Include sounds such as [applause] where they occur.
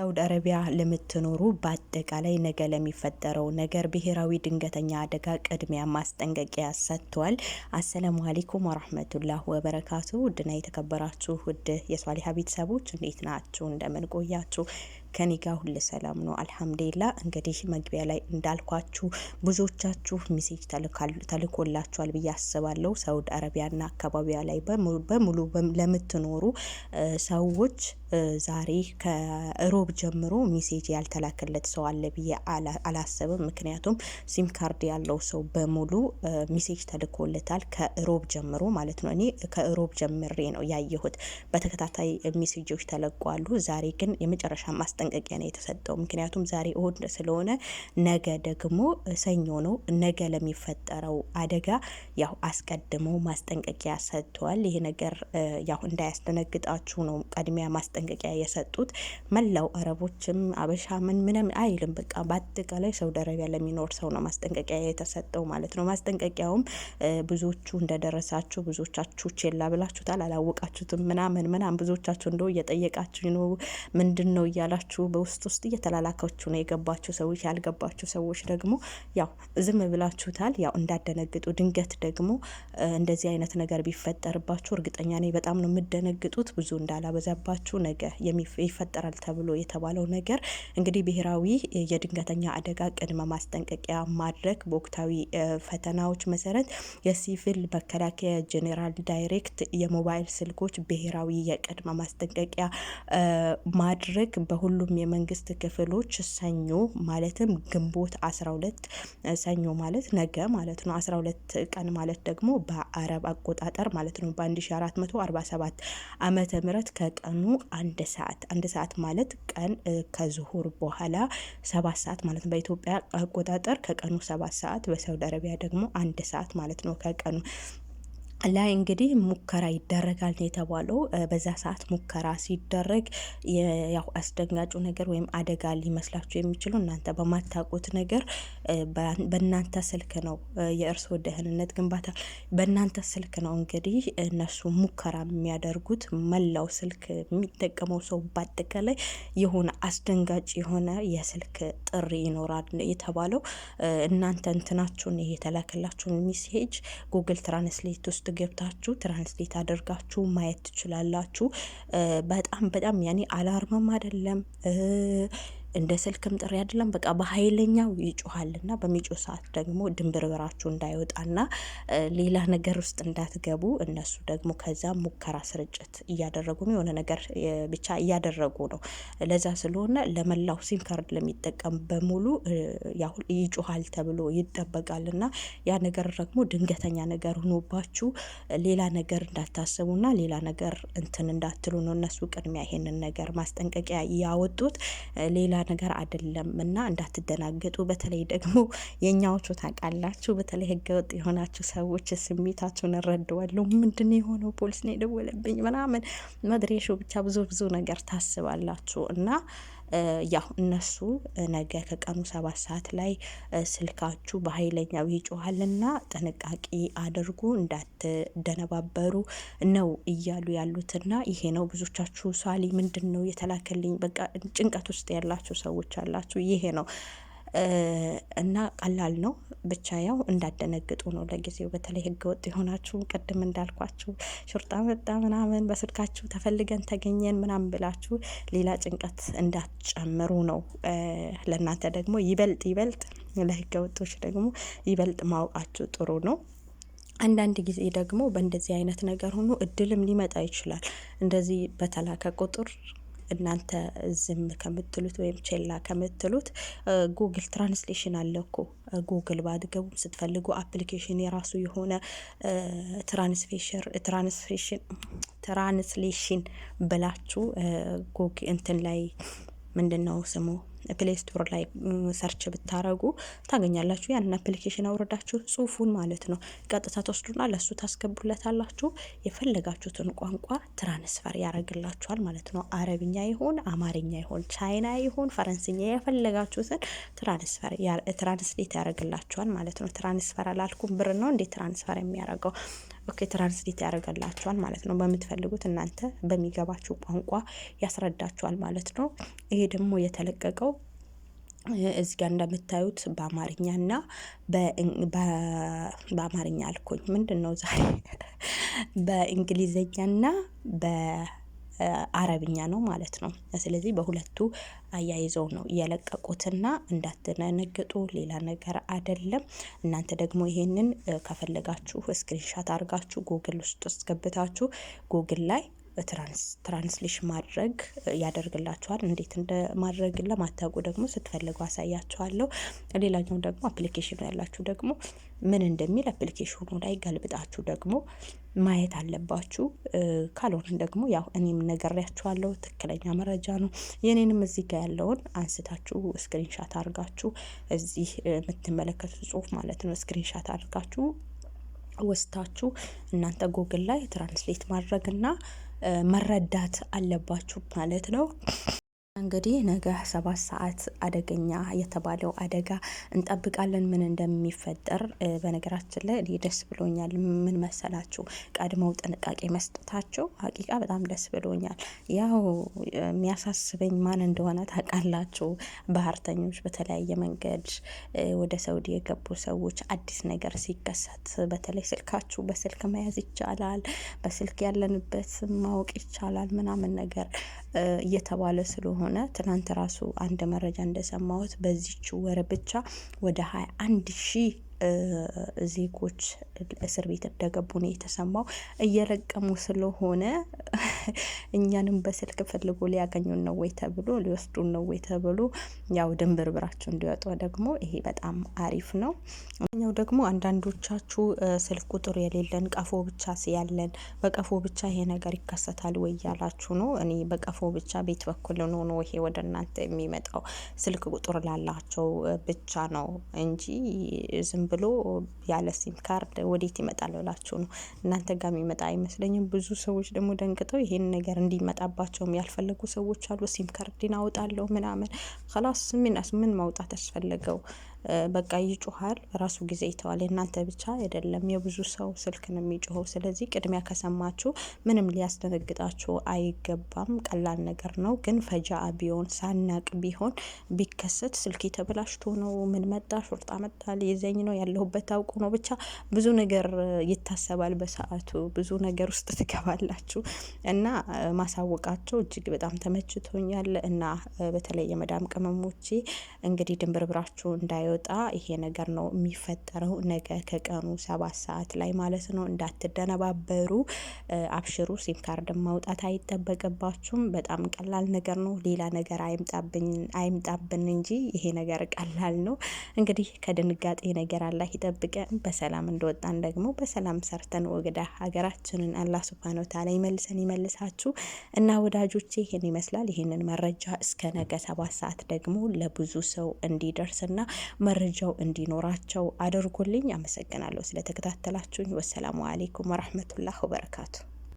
ሳውዲ አረቢያ ለምትኖሩ በአጠቃላይ ነገ ለሚፈጠረው ነገር ብሔራዊ ድንገተኛ አደጋ ቅድሚያ ማስጠንቀቂያ ሰጥቷል። አሰላሙ አሌይኩም ወራህመቱላህ ወበረካቱ። ውድና የተከበራችሁ ውድ የሷሊሀ ቤተሰቦች እንዴት ናችሁ? እንደምን ቆያችሁ? ከኔ ጋር ሁሌ ሰላም ነው አልሐምዱሊላ። እንግዲህ መግቢያ ላይ እንዳልኳችሁ ብዙዎቻችሁ ሚሴጅ ተልኮላችኋል ብዬ አስባለሁ። ሳውዲ አረቢያና አካባቢያ ላይ በሙሉ ለምትኖሩ ሰዎች ዛሬ ከሮብ ጀምሮ ሚሴጅ ያልተላከለት ሰው አለ ብዬ አላስብም። ምክንያቱም ሲም ካርድ ያለው ሰው በሙሉ ሚሴጅ ተልኮለታል ከሮብ ጀምሮ ማለት ነው። እኔ ከሮብ ጀምሬ ነው ያየሁት። በተከታታይ ሚሴጆች ተለቋሉ። ዛሬ ግን የመጨረሻ ማስ ማስጠንቀቂያ ነው የተሰጠው። ምክንያቱም ዛሬ እሁድ ስለሆነ ነገ ደግሞ ሰኞ ነው። ነገ ለሚፈጠረው አደጋ ያው አስቀድሞ ማስጠንቀቂያ ሰጥተዋል። ይሄ ነገር ያው እንዳያስደነግጣችሁ ነው ቀድሚያ ማስጠንቀቂያ የሰጡት። መላው አረቦችም አበሻ ምን ምንም አይልም። በቃ በአጠቃላይ ሳውዲ አረቢያ ለሚኖር ሰው ነው ማስጠንቀቂያ የተሰጠው ማለት ነው። ማስጠንቀቂያውም ብዙዎቹ እንደደረሳችሁ ብዙዎቻችሁ ቼላ ብላችሁታል፣ አላወቃችሁትም ምናምን ምናምን ብዙዎቻችሁ እንደው እየጠየቃችሁ ነው ምንድን ነው እያላችሁ ያላችሁ በውስጥ ውስጥ እየተላላካችሁ ነው የገባችሁ ሰዎች። ያልገባችሁ ሰዎች ደግሞ ያው ዝም ብላችሁታል። ያው እንዳደነግጡ ድንገት ደግሞ እንደዚህ አይነት ነገር ቢፈጠርባችሁ እርግጠኛ ነኝ በጣም ነው የምደነግጡት። ብዙ እንዳላበዛባችሁ ነገ ይፈጠራል ተብሎ የተባለው ነገር እንግዲህ ብሔራዊ የድንገተኛ አደጋ ቅድመ ማስጠንቀቂያ ማድረግ በወቅታዊ ፈተናዎች መሰረት የሲቪል መከላከያ ጄኔራል ዳይሬክት የሞባይል ስልኮች ብሔራዊ የቅድመ ማስጠንቀቂያ ማድረግ በሁሉ ሁሉም የመንግስት ክፍሎች ሰኞ ማለትም ግንቦት 12 ሰኞ ማለት ነገ ማለት ነው። 12 ቀን ማለት ደግሞ በአረብ አቆጣጠር ማለት ነው በ1447 ዓመተ ምህረት ከቀኑ አንድ ሰዓት አንድ ሰዓት ማለት ቀን ከዙሁር በኋላ ሰባት ሰዓት ማለት ነው። በኢትዮጵያ አቆጣጠር ከቀኑ ሰባት ሰዓት በሳውዲ አረቢያ ደግሞ አንድ ሰዓት ማለት ነው ከቀኑ ላይ እንግዲህ ሙከራ ይደረጋል ነው የተባለው በዛ ሰዓት ሙከራ ሲደረግ ያው አስደንጋጩ ነገር ወይም አደጋ ሊመስላችሁ የሚችሉ እናንተ በማታውቁት ነገር በእናንተ ስልክ ነው የእርስዎ ደህንነት ግንባታ በእናንተ ስልክ ነው እንግዲህ እነሱ ሙከራ የሚያደርጉት። መላው ስልክ የሚጠቀመው ሰው በአጠቃላይ የሆነ አስደንጋጭ የሆነ የስልክ ጥሪ ይኖራል የተባለው እናንተ እንትናችሁን ይሄ የተላከላችሁን ሚሴጅ ጉግል ትራንስሌት ውስጥ ገብታችሁ ትራንስሌት አድርጋችሁ ማየት ትችላላችሁ። በጣም በጣም ያኔ አላርምም አይደለም እንደ ስልክም ጥሪ አይደለም፣ በቃ በኃይለኛው ይጮሃልና በሚጮ ሰዓት ደግሞ ድንብርብራችሁ እንዳይወጣና ሌላ ነገር ውስጥ እንዳትገቡ እነሱ ደግሞ ከዛ ሙከራ ስርጭት እያደረጉ ነው፣ የሆነ ነገር ብቻ እያደረጉ ነው። ለዛ ስለሆነ ለመላው ሲም ካርድ ለሚጠቀም በሙሉ ይጮሃል ተብሎ ይጠበቃልና ያ ነገር ደግሞ ድንገተኛ ነገር ሆኖባችሁ ሌላ ነገር እንዳታስቡና ሌላ ነገር እንትን እንዳትሉ ነው እነሱ ቅድሚያ ይሄንን ነገር ማስጠንቀቂያ ያወጡት ሌላ ነገር አይደለም እና እንዳትደናገጡ። በተለይ ደግሞ የእኛዎቹ ታውቃላችሁ፣ በተለይ ህገወጥ የሆናችሁ ሰዎች ስሜታችሁን እረድዋለሁ። ምንድን የሆነው ፖሊስ ነው የደወለብኝ ምናምን መድሬሾ ብቻ ብዙ ብዙ ነገር ታስባላችሁ እና ያው እነሱ ነገ ከቀኑ ሰባት ሰዓት ላይ ስልካችሁ በሃይለኛው ይጮሃልና ጥንቃቄ አድርጉ እንዳትደነባበሩ ነው እያሉ ያሉትና ይሄ ነው ብዙቻችሁ ሳሊ ምንድን ነው የተላከልኝ? በቃ ጭንቀት ውስጥ ያላችሁ ሰዎች አላችሁ። ይሄ ነው እና ቀላል ነው። ብቻ ያው እንዳደነግጡ ነው ለጊዜው በተለይ ህገወጥ የሆናችሁ ቅድም እንዳልኳችሁ ሹርጣ መጣ ምናምን በስልካችሁ ተፈልገን ተገኘን ምናምን ብላችሁ ሌላ ጭንቀት እንዳትጨምሩ ነው። ለእናንተ ደግሞ ይበልጥ ይበልጥ ወጦች ደግሞ ይበልጥ ማወቃችሁ ጥሩ ነው። አንዳንድ ጊዜ ደግሞ በእንደዚህ አይነት ነገር ሆኖ እድልም ሊመጣ ይችላል። እንደዚህ በተላከ ቁጥር እናንተ ዝም ከምትሉት ወይም ቼላ ከምትሉት ጉግል ትራንስሌሽን አለ እኮ ጉግል ባትገቡም ስትፈልጉ አፕሊኬሽን የራሱ የሆነ ትራንስሌሽን ትራንስሌሽን ብላችሁ ጉግ እንትን ላይ ምንድን ነው ስሙ ፕሌስቶር ላይ ሰርች ብታረጉ ታገኛላችሁ። ያንን አፕሊኬሽን አውረዳችሁ ጽሁፉን ማለት ነው ቀጥታ ተወስዱና ለሱ ታስገቡለታላችሁ። የፈለጋችሁትን ቋንቋ ትራንስፈር ያደርግላችኋል ማለት ነው። አረብኛ ይሆን፣ አማርኛ ይሆን፣ ቻይና ይሆን፣ ፈረንስኛ የፈለጋችሁትን ትራንስፈር ትራንስሌት ያደርግላችኋል ማለት ነው። ትራንስፈር አላልኩም ብር ነው እንዴት ትራንስፈር የሚያደርገው ኦኬ ትራንስሌት ያደርገላችኋል ማለት ነው። በምትፈልጉት እናንተ በሚገባችሁ ቋንቋ ያስረዳችኋል ማለት ነው። ይሄ ደግሞ የተለቀቀው እዚህ ጋር እንደምታዩት በአማርኛ ና በአማርኛ አልኮኝ ምንድን ነው ዛሬ [laughs] በእንግሊዝኛ ና በ አረብኛ ነው ማለት ነው። ስለዚህ በሁለቱ አያይዘው ነው የለቀቁትና እንዳትደነግጡ ሌላ ነገር አይደለም። እናንተ ደግሞ ይሄንን ከፈለጋችሁ ስክሪንሻት አድርጋችሁ ጉግል ውስጥ አስገብታችሁ ጎግል ላይ ትራንስሌሽን ማድረግ ያደርግላችኋል። እንዴት እንደ ማድረግ ለማታውቁ ደግሞ ስትፈልጉ አሳያችኋለሁ። ሌላኛው ደግሞ አፕሊኬሽኑ ያላችሁ ደግሞ ምን እንደሚል አፕሊኬሽኑ ላይ ገልብጣችሁ ደግሞ ማየት አለባችሁ። ካልሆነ ደግሞ ያው እኔም ነግሬያችኋለሁ፣ ትክክለኛ መረጃ ነው። የኔንም እዚህ ጋር ያለውን አንስታችሁ ስክሪንሻት አድርጋችሁ እዚህ የምትመለከቱት ጽሁፍ ማለት ነው ስክሪንሻት አድርጋችሁ ወስታችሁ እናንተ ጎግል ላይ ትራንስሌት ማድረግና መረዳት አለባችሁ ማለት ነው። እንግዲህ ነገ ሰባት ሰዓት አደገኛ የተባለው አደጋ እንጠብቃለን፣ ምን እንደሚፈጠር። በነገራችን ላይ ደስ ብሎኛል። ምን መሰላችሁ? ቀድመው ጥንቃቄ መስጠታቸው ሀቂቃ በጣም ደስ ብሎኛል። ያው የሚያሳስበኝ ማን እንደሆነ ታውቃላችሁ? ባህርተኞች፣ በተለያየ መንገድ ወደ ሰውዲ የገቡ ሰዎች አዲስ ነገር ሲከሰት በተለይ ስልካችሁ በስልክ መያዝ ይቻላል፣ በስልክ ያለንበት ማወቅ ይቻላል ምናምን ነገር እየተባለ ስለሆነ ትናንት ራሱ አንድ መረጃ እንደሰማሁት በዚች ወር ብቻ ወደ ሀያ አንድ ሺህ ዜጎች እስር ቤት እንደገቡ ነው የተሰማው። እየለቀሙ ስለሆነ [laughs] እኛንም በስልክ ፈልጎ ሊያገኙን ነው ወይ ተብሎ ሊወስዱን ነው ወይ ተብሎ ያው ድንብርብራቸው እንዲወጣ ደግሞ ይሄ በጣም አሪፍ ነው። እኛው ደግሞ አንዳንዶቻችሁ ስልክ ቁጥር የሌለን ቀፎ ብቻ ያለን በቀፎ ብቻ ይሄ ነገር ይከሰታል ወይ ያላችሁ ነው። እኔ በቀፎ ብቻ ቤት በኩል ነው ነው ይሄ ወደ እናንተ የሚመጣው ስልክ ቁጥር ላላቸው ብቻ ነው እንጂ ዝም ብሎ ያለ ሲም ካርድ ወዴት ይመጣል ብላችሁ ነው? እናንተ ጋር የሚመጣ አይመስለኝም። ብዙ ሰዎች ደግሞ ደንግጠው ይሄን ነገር እንዲመጣባቸውም ያልፈለጉ ሰዎች አሉ። ሲም ካርድ አወጣለሁ ምናምን ከላስ ምን ምን ማውጣት ያስፈለገው በቃ ይጮሃል። ራሱ ጊዜ ይተዋል። የእናንተ ብቻ አይደለም፣ የብዙ ሰው ስልክ ነው የሚጮኸው። ስለዚህ ቅድሚያ ከሰማችሁ ምንም ሊያስደነግጣችሁ አይገባም። ቀላል ነገር ነው። ግን ፈጃአ ቢሆን ሳናቅ ቢሆን ቢከሰት ስልክ ተበላሽቶ ነው ምን መጣ ሾርጣ መጣ ሊይዘኝ ነው ያለሁበት አውቁ ነው ብቻ ብዙ ነገር ይታሰባል። በሰዓቱ ብዙ ነገር ውስጥ [laughs] ትገባላችሁ እና ማሳወቃቸው እጅግ በጣም ተመችቶኛል እና በተለይ የመዳም ቅመሞቼ እንግዲህ ድንብርብራችሁ እንዳይ ሳይወጣ ይሄ ነገር ነው የሚፈጠረው። ነገ ከቀኑ ሰባት ሰዓት ላይ ማለት ነው። እንዳትደነባበሩ አብሽሩ። ሲም ማውጣት አይጠበቅባችሁም። በጣም ቀላል ነገር ነው። ሌላ ነገር አይምጣብን እንጂ ይሄ ነገር ቀላል ነው። እንግዲህ ከድንጋጤ ነገር አላህ ይጠብቀን። በሰላም እንደወጣን ደግሞ በሰላም ሰርተን ወግዳ ሀገራችንን አላህ ሱብሃነ ወተዓላ ይመልሰን ይመልሳችሁ እና ወዳጆቼ ይሄን ይመስላል። ይሄንን መረጃ እስከ ነገ ሰባት ሰዓት ደግሞ ለብዙ ሰው እንዲደርስና መረጃው እንዲኖራቸው አድርጉልኝ። አመሰግናለሁ ስለተከታተላችሁኝ። ወሰላሙ አሌይኩም ወረህመቱላህ ወበረካቱ